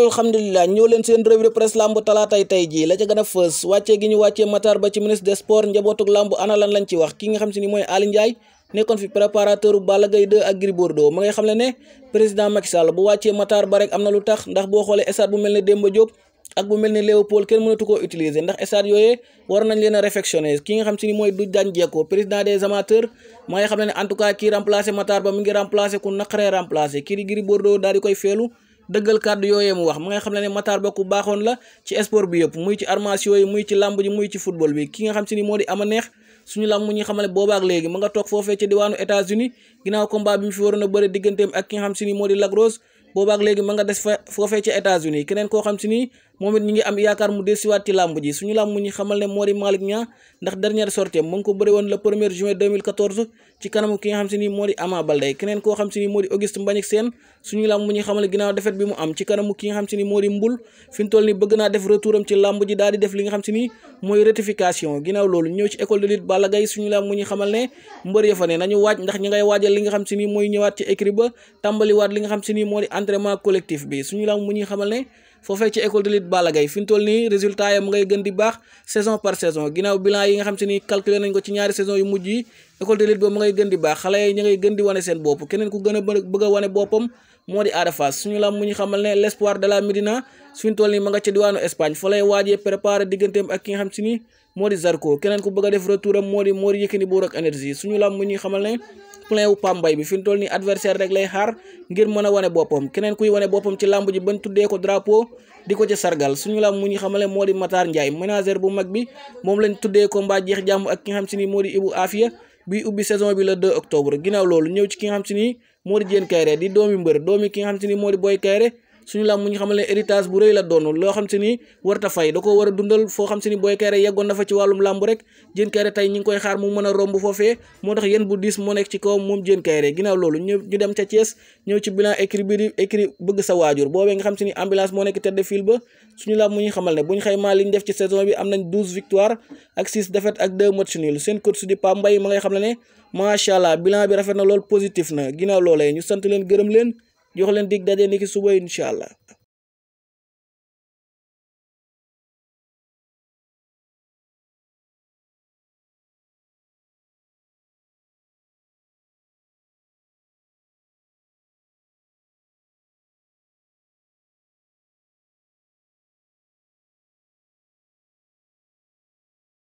alhamdulilah ñëw leen seen revue de presse lamb talaatay tey jii la ca a fës wàccee gi ñu wàccee Matar Ba ci ministre des sports njabootug lamb ana lan lañ ci wax ki nga xam si ni mooy Aly nekkoon fi préparateur Balla ak Gris Bordeaux ngay xam le ne président Macky Sall bu wàccee Matar Ba rek am na lu tax ndax boo xoolee stade bu mel ne Demba Diop ak bu mel ne Léopold kenn mënatu koo utiliser ndax stade yooyee war nañ leen a ki nga xam si ni mooy du daan jeekoo président des amateurs ma ngay xam le ne en tout cas kii remplacé dëggal kàddu yooyee mu wax mu nga xam ne ne Matar Ba ku baaxoon la ci sport bi yëpp muy ci arts martiaux yi muy ci làmb ji muy ci football bi ki nga xam si ni moo di ama neex suñu làmb mu ñu xamal ne boobaak léegi ma nga toog foofee ci diwaanu États-Unis ginnaaw combat bi mu fi waroon a bëre digganteem ak ki nga xam si ni moo di Lac Rose boobaak léegi ma nga des fa foofee ci États-Unis keneen koo xam si ni moom it ñu ngi am yaakaar mu dellusiwaat ci làmb ji suñu làmb ñi xamal ne moo di Malick ndax dernière sortie mu ngi ko bëri woon le 1er juin 2014 ci kanamu ki nga xam si ni moo di Ama Baldé keneen koo xam si ni moo di Auguste Mbagnick Sène suñu làmb ñi xamal ginnaaw defet bi mu am ci kanamu ki nga xam si ni moo di Mbul fi mu toll ni bëgg naa def retouram ci làmb ji daal di def li nga xam si ni mooy rectification ginnaaw loolu ñëw ci école de lutte Balla Gaye suñu làmb ngay waajal li nga xam ni mooy ñëwaat ci écrit ba tàmbaliwaat li nga xam si ni moo di entraînement bi suñu làmb foofee ci école de lutte Balla Gaye toll nii résultat yi mu ngay gën di baax saison par saison ginnaaw bilan yi nga xam si ni calculé nañ ko ci ñaari saison yu mujj yi école de lutte boobu mu ngay gën di baax xale yi ñu gën di wane seen bopp keneen ku gën a bëgg a wane boppam moo di Ada suñu lam mu ñu xamal ne l'espoir de la Médina fi mu toll nii ma nga ca diwaanu Espagne fa lay waajee préparé digganteem ak ki nga xam si ni moo di Zarko keneen ku bëgg a def retour am moo di moo di Yékini plein wu pambay bi fi mu adversaire rek lay xaar ngir mën a wane boppam keneen kuy wane boppam ci làmb ji bañ tuddee ko drapeau di ko ci sargal suñu làmb mu ñu xamale moo di Matar Ndiaye manager bu mag bi moom lañ tuddee combat jeex jàmm ak ki xam si ni moo di Ibou Afia bi ubbi saison bi le 2 octobre ginnaaw loolu ñëw ci ki nga xam si ni moo di Diène Kaïré di doomi mbër doomi ki xam si ni moo di Boy Kaïré suñu làmb mu ñu xamal ne héritage bu rëy la doon loo xam si ni warta fay da ko war a dundal foo xam si ni booy kayre yeggoon na fa ci wàllum làmb rek jën kayre tey ñi ngi koy xaar mu mën a romb foofee moo tax yéen bu diis moo nekk ci kawam moom jën kayre ginnaaw loolu ñu dem ca Thiès ñëw ci bilan écrit bi écrit bëgg sa waajur boobee nga xam si ni ambulance moo nekk tête de file ba suñu làmb mu ñu xamal ne buñ xaymaa liñ def ci saison bi am nañ douze victoire ak macha allah bilan bi rafet na lool positif na ginnaaw loolee leen gërëm leen jox leen dig daje niki suba incha allah.